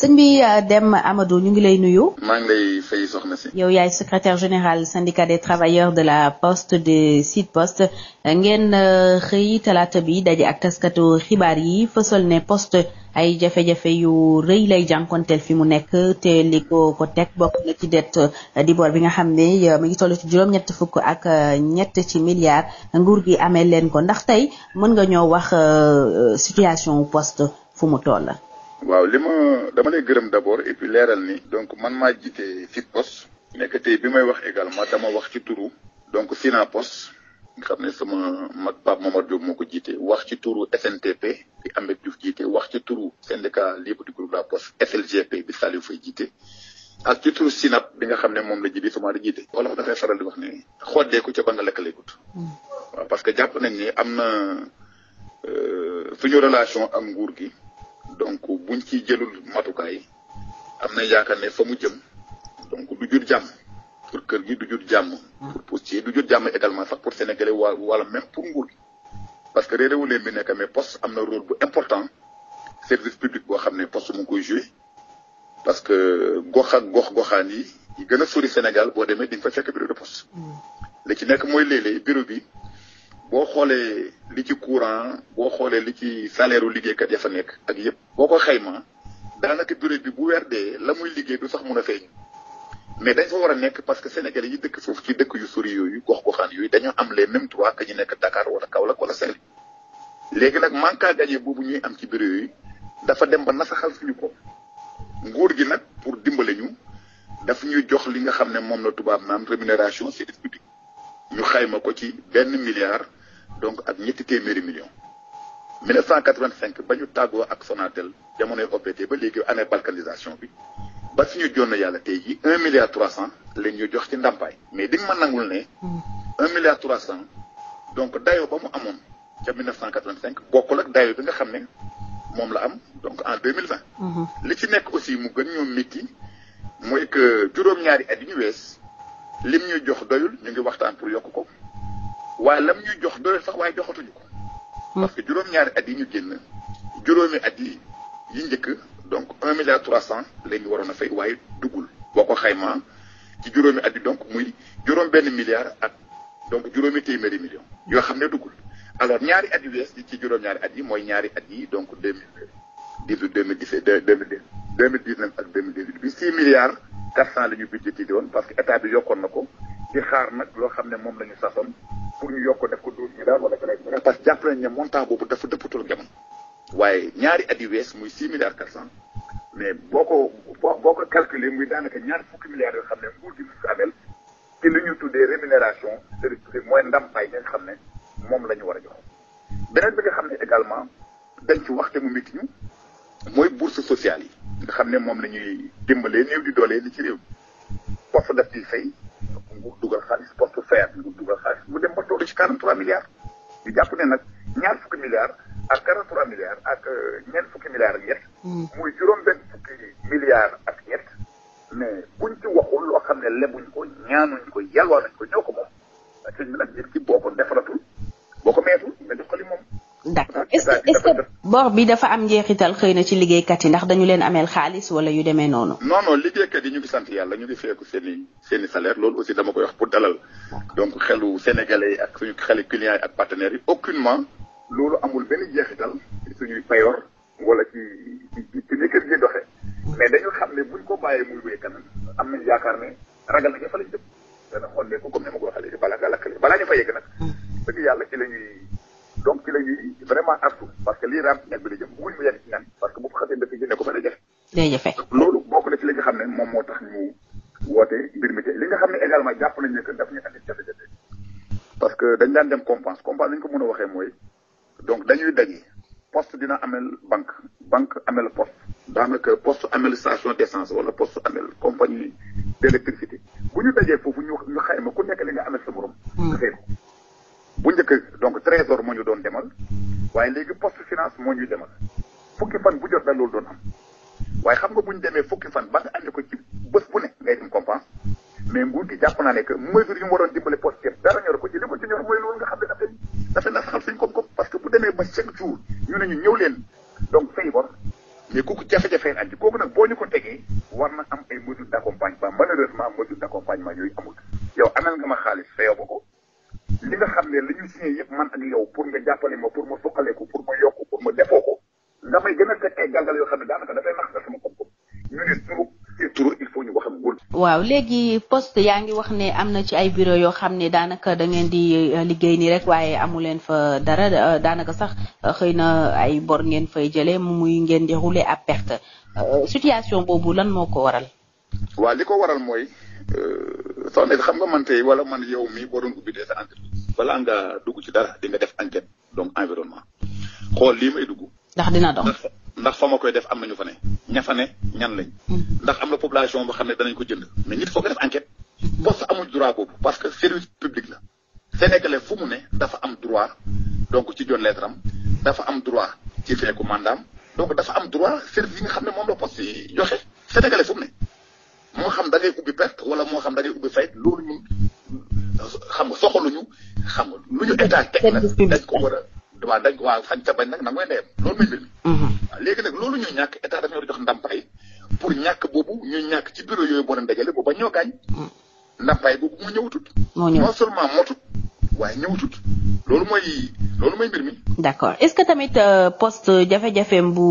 sëñ bi euh, Deme Amadou ñu ngi lay nuyu. maa ngi lay fay yaay secrétaire général syndicat des travailleurs de la poste de Sud Poste ngeen euh, xëy talaata bi daje ak taskatu xibaar yi fësal ne poste ay jafe-jafe yu rëy lay jànkonteel fi mu nekk te li ko ko teg bokk na ci det euh, dibor bi nga xam ne mi ngi toll ci juróom-ñett fukk ak ñett ci milliards nguur gi amee leen ko ndax tey mën nga ñoo wax situation poste fu mu toll. waaw li ma dama lay gërëm d'abord et puis leeral ni donc man maa jiite FIPOS nekk tey bi may wax également dama wax ci turu donc FINAPOS nga xam ne sama mag Pape Momar Diop moo ko jiite wax ci turu SNTP bi Ahmed Diouf jiite wax ci turu syndicat libre du groupe La Poste SLGP jiite ak ci turu SINAP bi nga xam ne moom la ji bi sama di jiite. wala dafay faral di wax ne xoddee ko ca ba nga lekkaleekut. Mm. waaw parce que jàpp nañ nii am na euh, suñu relation am nguur gi. donc buñ ci jëlul matukaay am na yaakaar ne fa mu jëm donc du jur jàmm pour kër gi du jur jàmm. pour postier du jur jàmm également sax pour sénégalais waa wala même pour nguur gi parce que réeréwu leen bi nekk mais poste am na rôle bu important service public boo xam ne poste mu ngi koy joué parce que gox ak gox goxaan yi gi gën a sori Sénégal boo demee di nga fa fekk bureau de poste. Mm. li ci nekk mooy léeg-léeg bureau bi. boo xoolee li ci courant boo xoolee li ci salaire u liggéeykat ya fa nekk ak yëpp boo ko xayma daanaka bureau bi bu weer dee la muy liggéey du sax mun a feeñ mais dañ fa war a nekk parce que sénégalais yi dëkk foofu ci dëkk yu sori yooyu gox goxaan yooyu dañoo am les mêmes droits que ñu nekk Dakar wala Kaolack wala Saint-Louis léegi nag manque à gagner boobu ñuy am ci bureau yooyu dafa dem ba nasaxal suñu bopp nguur gi nag pour dimbale ñu daf ñu jox li nga xam ne moom la tubaab naan rémunération service public ñu xayma ko ci benn milliard donc ak ñetti téeméeri millions 1985 ba ñu tàggoo ak Sonatel jamonoy OPT ba léegi année balkanisation bi ba suñu jonn yàlla tey jii un milliard trois cent lañ ñu jox ci ndàmpaay mais di nga ma nangul ne mm. un milliard trois cent donc dayoo ba mu amoon ca 1985 bokkul ak dayoo bi nga xam ne moom la am donc en 2020 mm-hmm. li ci nekk aussi mu gën ñoo métti mooy que juróom-ñaari at yi ñu wees lim ñu jox doyul ñu ngi waxtaan pour yokk ko waaye lam ñuy jox doyul sax waaye joxatuñu ko. Hmm. parce que juróom-ñaari at yi ñu génn juróomi at yi yi njëkk donc un milliard trois cent léegi waroon a fay waaye duggul boo ko xaymaa ci juróomi at yi donc muy juróom benn milliard ak donc juróomi téeméeri million yoo xam ne duggul alors ñaari at yu bees yi ci juróom-ñaari at yi mooy ñaari at yi donc deux mille dix-huit deux mille dix-sept deux mille dix-neuf ak deux mille huit bi six milliards quatre cent la ñu woon parce que état bi yokkoon na ko di xaar nag loo xam ne moom la ñu sasoon pour ñu yokk def ko douze milliards wala treize milliards parce que jàpp nañ ne montant boobu dafa dëppatul jamono waaye ñaari at yu wees muy six milliards quatre mais boo ko boo ko calculer muy daanaka ñaari fukki milliards yoo xam ne nguur gi mu amel ci li ñu tuddee rémunération territoriale mooy ndampaay nga xam ne moom la ñu war a jox beneen bi nga xam ne également dañ ci waxte mu métti ñu mooy bourse sociale yi nga xam ne moom la ñuy dimbalee néew di doole li ci réew mi def di fay nguur dugal xaalis poste fer nguur dugal xaalis mu dem ba toll ci 43 milliards ñu jàpp ne nag ñaar fukki milliards ak 43 milliards ak euh, ñeent fukki milliards ak ñett hmm. muy juróom benn fukki milliards ak ñett mais buñ ci waxul loo xam ne lebuñ ko ñaanuñ ko yalwaanuñ ko ñoo ko moom sëñ bi nag nit ki boo ko defaratul boo ko meetul nga jox ko li moom d'accord est-ce que est bi dafa am njeexital xëy na ci liggéeykat yi ndax dañu leen ameel xaalis wala yu demee noonu. non non liggéeykat yi ñu ngi sant yàlla ñu ngi feeku seen i seen i salaire loolu aussi dama koy wax pour dalal. donc xelu sénégalais yi ak suñu xelu clients yi ak partenaires yi. aucunement loolu amul benn jeexital ci suñuy payoor wala ci ci ci li gi doxee mais dañu xam ne buñ ko bàyyee muy wéy kanam am nañ yaakaar ne ragal na fa lañ jëm dana xollee ko comme ko waxee léegi balaa ngaa lakkale balaa ñu fa yegg donc ci la vraiment artu parce que li raam ci ñag bi la jëm bëgguñu mu yegg ci ñag parce que bu ko xasee dëkk ji ne jafe loolu bokk na ci li nga xam ne moom moo tax ñu woote mbir li nga xam ne également jàpp nañ ne que daf ñu andi jafe-jafe parce que dañ daan dem compense compense nañ ko mën a waxee mooy donc dañuy daje poste dina amel banque banque amel poste daanaka poste amel station d'essence wala poste amel compagnie d'électricité bu ñu dajee foofu ñu ñu xayma ku nekk li nga amel sa morom. Hmm. bu njëkk donc trésor moo ñu doon demal waaye léegi poste finance moo ñuy demal fukki fan bu jot la loolu doon am waaye xam nga bu ñu demee fukki fan ba nga andi ko ci bés bu ne ngay dem compense mais nguur gi jàpp naa ne que mesure yu mu waroon dimbale poste yëpp dara ñor ko ci li ci ñor mooy loolu nga xam ne dafa dafa nasaxal suñ koom-koom parce que bu demee ba chaque jour ñu ne ñu ñëw leen donc fay mais ku jafe-jafe andi pour nga jàppale ma pour ma suqaleku pour ma yokku pour ma defoo ko damay gën a sama koom-koom ñu léegi poste yaa ngi wax ne am na ci ay bureau yoo xam ne daanaka da ngeen di euh, liggéey ni rek waaye amu leen fa dara euh, daanaka sax euh, xëy na ay bor ngeen fay jëlee muy ngeen di rouler à perte situation boobu lan moo ko waral. waaw li waral mooy. Euh, so nekk xam nga man te wala man yow mi boo doon ubbi dee sa entreprise balaa nga dugg ci dara di nga def enquête donc environnement xool lii may dugg. ndax dina dox ndax fa ma koy def am na ñu fa ne ña fa ñan lañ. Mhm. ndax am na population boo xam ne danañ ko jënd mais nit foog nga def enquête. Mhm. poste amul droit boobu parce que service public la. Sénégalais fu mu ne dafa am droit donc ci joon lettre dafa am droit ci feeku mandaam donc dafa am droit service yi nga xam ne moom la poste yi joxe Sénégalais service public dañ ko war a waaw dañ ko waaw sañ sa bañ nag nangooy ndeyam loolu u mbir mi mhm. léegi nag loolu ñu ñàkk état daf ñoo jox ndàmpaay pour ñàkk boobu ñu ñàkk ci bureau yooyu boo leen dajale boobu bañ ñoo gaañ mhm. ndàmpaay boobu moo ñëwutut non seulement motut waaye ñëwutut loolu mooy loolu mooy mbir mi. d'accord est-ce que tamit euh, poste jafe-jafeem bu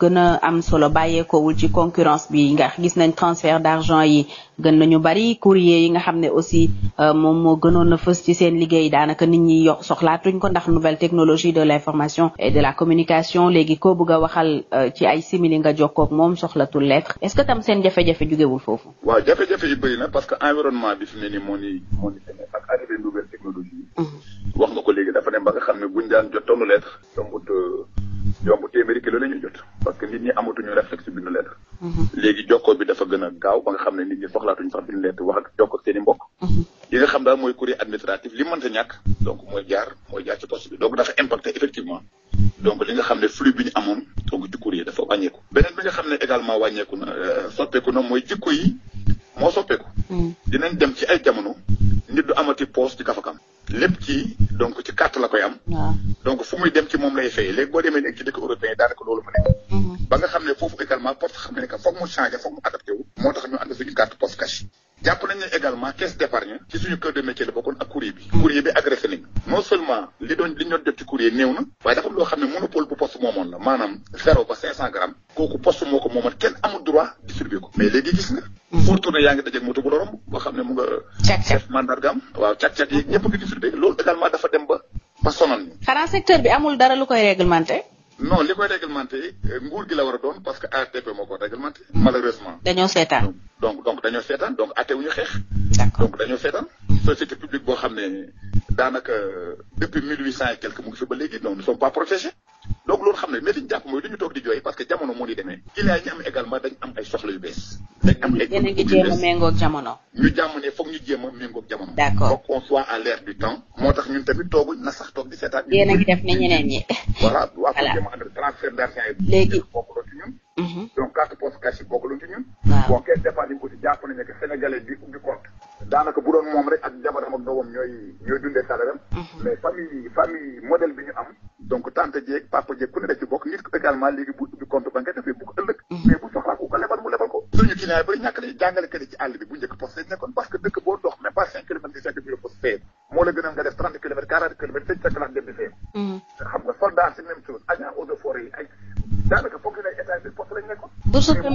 gën am solo bàyyeekoowul ci concurrence bi nga gis nañ transfert d'argent yi gën nañu bari courrier yi nga xam ne aussi euh, moom moo gënoon na fës ci seen liggéey daanaka nit ñi yo soxlaatuñ ko ndax nouvelle technologie de l'information et de la communication léegi ko bëgg a waxal euh, ci ay simili nga jokkoog moom soxlatul lettre est-ce que tam seen jafe-jafe jugewul foofu. waaw jafe-jafe yi bëri na daan jot tonnu lettre yombut yomb téeméeri kilo la ñuy jot parce que nit ñi amatuñu réflexe bindu lettre mhm. léegi jokkoo bi dafa gën a gaaw ba nga xam ne nit ñi soxlaatuñu sax bindu lettre wax ak jokk ak seen i mbokk mhm. li nga xam bi donc dafa impacté effectivement donc li nga xam ne flux bi ñu amoon donc ci dafa wàññeeku beneen bi nga xam ne également wàññeeku na euh, soppeeku na mooy jikko yi moo soppeeku mhm. dinañ dem ci ay jamono nit du amati poste ci kafakam lépp ci donc ci carte la koy am. donc fu muy dem ci moom lay fay léegi boo demee nekk ci dëkk européen daanaka loolu mu nekk. Mhm. ba nga xam ne foofu également poste xam ne que foog mu changé foog mu adapté wu. moo tax ñu ànd suñu carte poste cash. jàpp nañ ne également caisse d'épargne ci suñu cœur de métier la bokkoon ak courrier bi. Mhm. courrier bi agressé non seulement li doon li ñu def ci courrier néew na. waaye dafa loo xam ne monopole bu poste moomoon la maanaam ko moomoon kenn amul droit distribué ko. pour tourner yaa ngi dajeeg moto bu la romb boo xam ne mu nga. càq-càq mandargaam waaw càq-càq yi ñëpp ngi gis loolu également dafa dem ba ba sonal ñu. xanaa secteur bi amul dara lu koy réglementé. non li koy réglementé euh, nguur gi la war a doon parce que ARTP moo ko réglementé. malheureusement. dañoo seetaan donc donc dañoo seetaan donc àtte wu ñu xeex. donc dañoo seetaan. société publique boo xam ne daanaka euh, depuis mille huit cent et quelque mu ngi fi ba léegi mooy du ñu di jooy parce que moo di dañ am ay soxla yu bees. dañ am ay yéen a ngi jéem a méngoog jamono. ñu jàmm ne foog ñu jéem a méngoog jamono. d'accord foog qu'on soit à l'air du temps. moo tax ñun tamit tooguñ na sax toog di seetaan. yéen a ngi def ne ñeneen ñi. voilà waa ko jéem a ànd transfert d'argent yi. léegi bokkuloon ci ñun. donc mhm. carte poche cash yi bokkuloon ci ñun. waaw bon kenn defaat yi aussi jàpp bi ubbi compte. daanaka bu doon moom rek ak jabaram ak doomam ñooy ñooy dundee salaire mhm. mais famille famille modèle bi ñu am. donc tante jeeg papa jeeg ku ne da ci bokk nit également léegi bu ubbi compte bancaire dafay bokk ëllëg enseignant bu njëkk poste mm-hmm.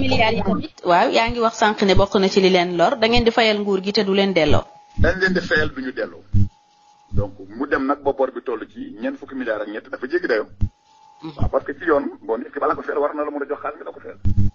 lañ yi tamit waaw yaa ngi wax sànq ne bokk ci li leen lor da di fayal nguur gi te du leen delloo dañ di fayal du delloo donc mu dem nag ba bi toll ci ñeent fukki milliards ak ñett dafa jéggi dayoo mm-hmm. parce que ci yoon bon nit ki ko feel war na la mën a jox xaalis nga la ko feel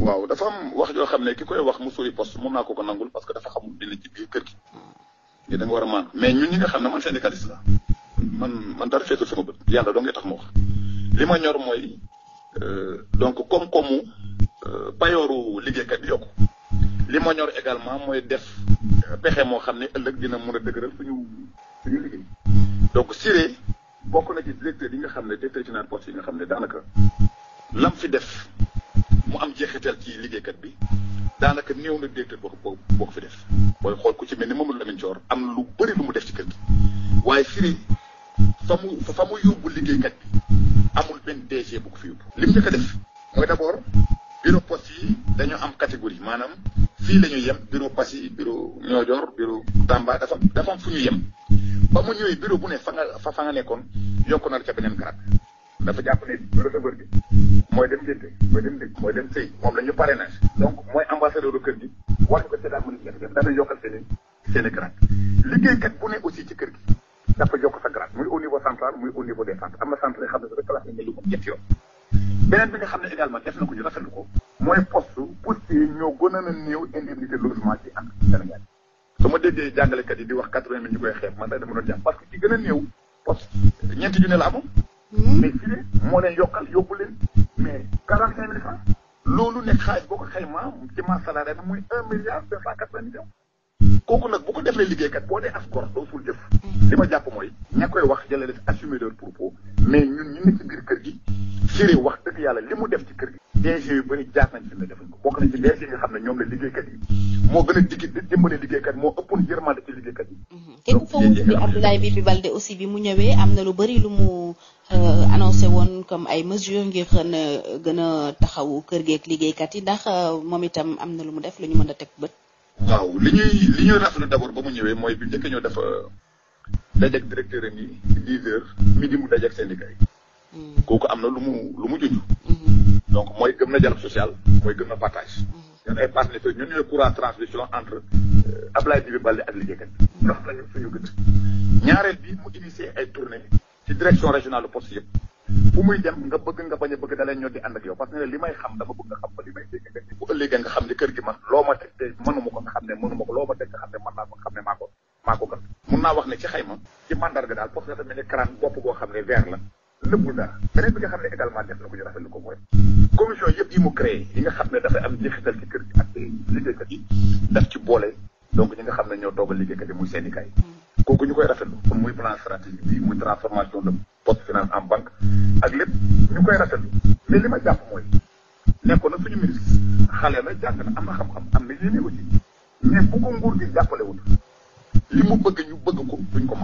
waaw dafa am wax joo xam ne ki koy wax mu sori poste mun naa ko ko nangul parce que dafa xamul dina ci biir kër gi. war a maan mais ñun ñi nga xam ne man syndicaliste la man man dara feetul sama bët yàlla doo ngay tax ma wax. li ma ñor mooy euh, donc koom-koomu euh, payooru liggéeykat bi yokku li ma ñor également mooy def euh, pexe moo xam ne ëllëg dina mën a dëgëral suñu suñu liggéey. donc Siré bokk na ci directeur yi nga xam ne directeur général poste yi nga xam ne daanaka lam fi def. mu am jeexital ci liggéey kat bi daanaka néew na directeur boo boo ko fi def booy xool ku ci mel ni la Lamine Thior am lu bëri lu mu def ci kër gi waaye firi fa mu fa mu yóbbu liggéeykat bi amul benn DG bu ko fi yóbbu lim ñu ko def mooy d'abord bureau poste yi dañoo am catégorie maanaam fii la ñuy yem bureau Passy biro bureau Niodior bureau Tamba dafa dafa fu ñu yem ba mu ñëwee bureau bu ne fa nga fa nga nekkoon yokk na la ca beneen grade dafa jàpp ne receveur bi mooy dem dënd mooy dem dëkk mooy dem sëy moom la ñu parrainage donc mooy ambassadeur u kër gi war ko seetaan mu ne def dana i seen i grade liggéeykat bu ne aussi ci kër gi dafa yokk sa grade muy au central muy au niveau des am na centre yoo xam ne yi su ma déggee jàngalekat yi di wax quatre-vingt mille ñu koy xeeb man sax dama doon jàpp parce que ci gën a néew poste ñeenti junni la amoon hmm? mais ci ne moo leen yokkal yóbbu leen mais 45 loolu nekk xaalis boo ko xaymaa ci masse salariale bi muy 1 milliard kooku nag boo ko defee liggéeykat boo dee as gor doo suul jëf. li ma jàpp mooy ña koy wax jëlee def assumer leur propos mais ñun ñu ngi biir kër gi. jëri wax dëgg yàlla li mu def ci kër gi DG yu bëri jaar nañ fi ne defuñ ko xam ne ñoom la liggéeykat yi moo gën a digg di dimbale liggéeykat yi moo mhm. bi Abdoulaye Bibi Baldé aussi bi mu ñëwee am na lu bëri lu mu euh, annoncé woon comme ay mesures ngir xën a gën a taxawu kër geek liggéeykat yi ndax euh, moom itam am na lu mu def lu ñu mën a teg bët waaw li ñuy li ñuy rafetlu d'abord ba mu ñëwee mooy bi njëkk ñoo dafa dajeek directeur am yi dix heures midi mu dajeek syndicat yi kooku am na lu mu lu mu junj. donc mooy gëm na dialogue social mooy gëm na partage. ñun ay partenaires ñun ñooy courant transmission entre euh, Ablaye Djibi Baldé ak liggéeykat bi. ndox nañu suñu gëdd. ñaareel bi mu initié ay tournée ci direction régionale de yëpp. fu muy dem nga bëgg nga bañ a bëgg dalee ñoo di ànd ak yow parce que li may xam dama bëgg nga xam ba li may dégg nga xam ne kër gi man loo ma teg te mënu ma ko nga xam ne mënu ma ko loo ma teg nga xam ne mën n ko nga xam ne maa naa wax ne ci xayma ci mandarga daal poste dafa mel ni crâne bopp xam ne vert la nëbbul dara nga xam ne également def na ko ñu rafetlu ko mooy commission yëpp yi mu créé yi nga xam ne dafay am njeexital ci kër gi ak liggéeykat yi daf ci boole donc ñi nga xam ne ñoo toogal liggéeykat yi muy syndicat yi kooku ñu koy rafetlu muy plan stratégique bi muy transformation de poste finance en banque ak lépp ñu koy rafetlu mais li ma jàpp mooy nekkoon na suñu ministre xale la jàng na am na xam-xam am na yéene aussi mais bu ko nguur gi jàppalewul li mu bëgg ñu bëgg ko duñ ko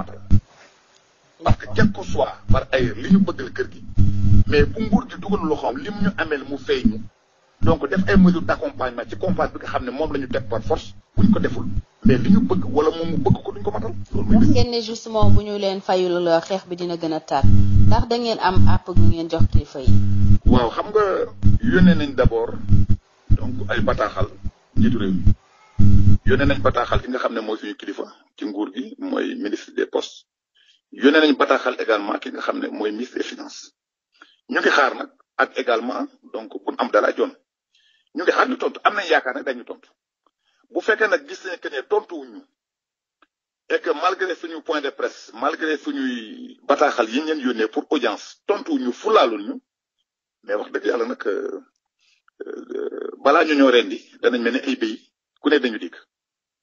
parce que quel que soit par ailleurs li ñu bëgg kër gi mais bu nguur gi dugal loxoom lim ñu amee amel mu fay ñu donc def ay mesures d' accompagnement ci compagne bi nga xam ne moom la ñu teg par force buñ ko deful mais li ñu bëgg wala moom mu bëgg ko duñ ko matal. loolu wax ngeen ne justement bu ñu leen fayul xeex bi dina gën a tar ndax da ngeen am àpp gu ngeen jox kilifa yi. waaw xam nga yónnee nañ d' abord donc ay bataaxal njiitu réew mi yónnee nañ bataaxal ki nga xam ne mooy suñu kilifa ci nguur gi mooy ministre des postes. yónnee nañ bataaxal également ki nga xam ne mooy ministre des finances ñu ngi xaar nag ak également donc bu am dara joon ñu ngi xaar ñu tontu am nañ yaakaar nag dañu tontu bu fekkee nag gis nañ que ne tontuwuñu et que malgré suñu point de presse malgré ñuy bataaxal yi ngeen yónnee pour audience tontuwuñu fulaalul ñu mais wax dëgg yàlla nag euh, euh, balaa ñu ñoo rendi danañ mel ne ay béy ku ne dañu dikk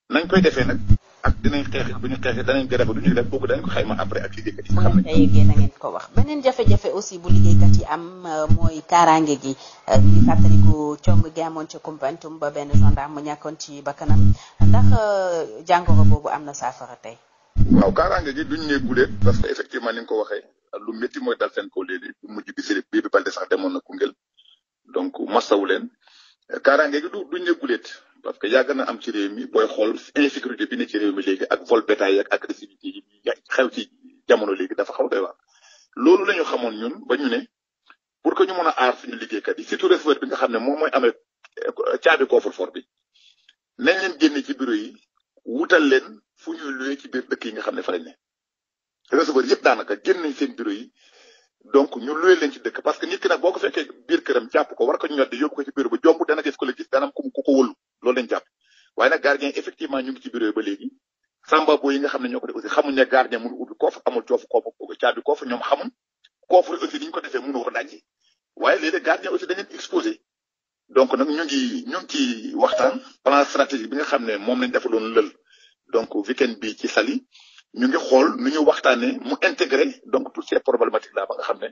nañ koy defee nag. ak dinañ xeexit bu ñu xeexit danañ ko def du ñu def kooku danañ ko xayma après ak liggéeykat yi xam nañ ko wax beneen jafe-jafe aussi euh, mooy kaaraange gi euh, ñu fàttaliku cong gi amoon ci ba benn gendarme mu ñàkkoon ci bakkanam ndax euh, boobu am na saafara tey waaw kaaraange gi duñ ne guleet parce que effectivement ni ko waxee lu métti mooy dal seen kaw léegi bu mujj bi sëriñ bi bi balde demoon na Koungheul donc masawu leen kaaraange gi du duñ ne parce que yàgg na am ci réew mi booy xool insécurité bi ne ci réew mi léegi ak vol bétail ak agressivité yi xew ci jamono léegi dafa xaw doy waar loolu la ñu xamoon ñun ba ñu ne pour que ñu mën a aar suñu liggéeykat yi surtout receveur bi nga xam ne moom mooy amee caabi coffre for bi nañ leen génne ci bureau yi wutal leen fu ñuy luwee ci biir dëkk yi nga xam ne fa lañ ne receveur yëpp daanaka génn nañ seen bureau yi donc ñu luwee leen ci dëkk parce que nit ki nag boo ko fekkee biir këram jàpp ko war ko ñoddi yóbbu ko ci bureau ko la gis dana am ku loolu lañ jàpp waaye nag gardien effectivement ñu ngi ci bureau ba lé samba bo yi nga xam ne ño ko def aussi xamuñ ne gardien mënu ubbi koofu amul coofu koofu caabi koofu ñoom xamuñ koofu aussi ni ñu ko defee mënu ko dajji waaye léeg-léeg gardien aussi dañuy exposé donc nag ñu ngi ñu ci waxtaan plan stratégique bi nga xam ne moom lañ defaloon lël donc weekend bi ci Saly ñu ngi xool nu ñu waxtaanee mu intégré donc toutes ces problématiques là ba nga xam ne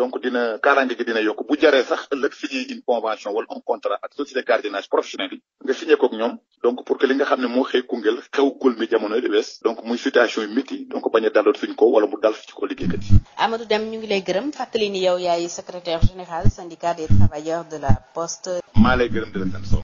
donc dina kaaraange gi dina yokk bu jaree sax ëllëg signé une convention wala un contrat ak société gardiennage professionnel yi nga signé kook ñoom donc pour que li nga xam ne moo xëy Koungheul xew gul mi jamono di wees donc muy situation yu métti donc bañ a daloon ko wala mu dal ci ko liggéeykat yi Amadou Deme ñu ngi lay gërëm fàttali ni yow yaay secrétaire général syndicat des travailleurs de la poste maa lay gërëm di la sant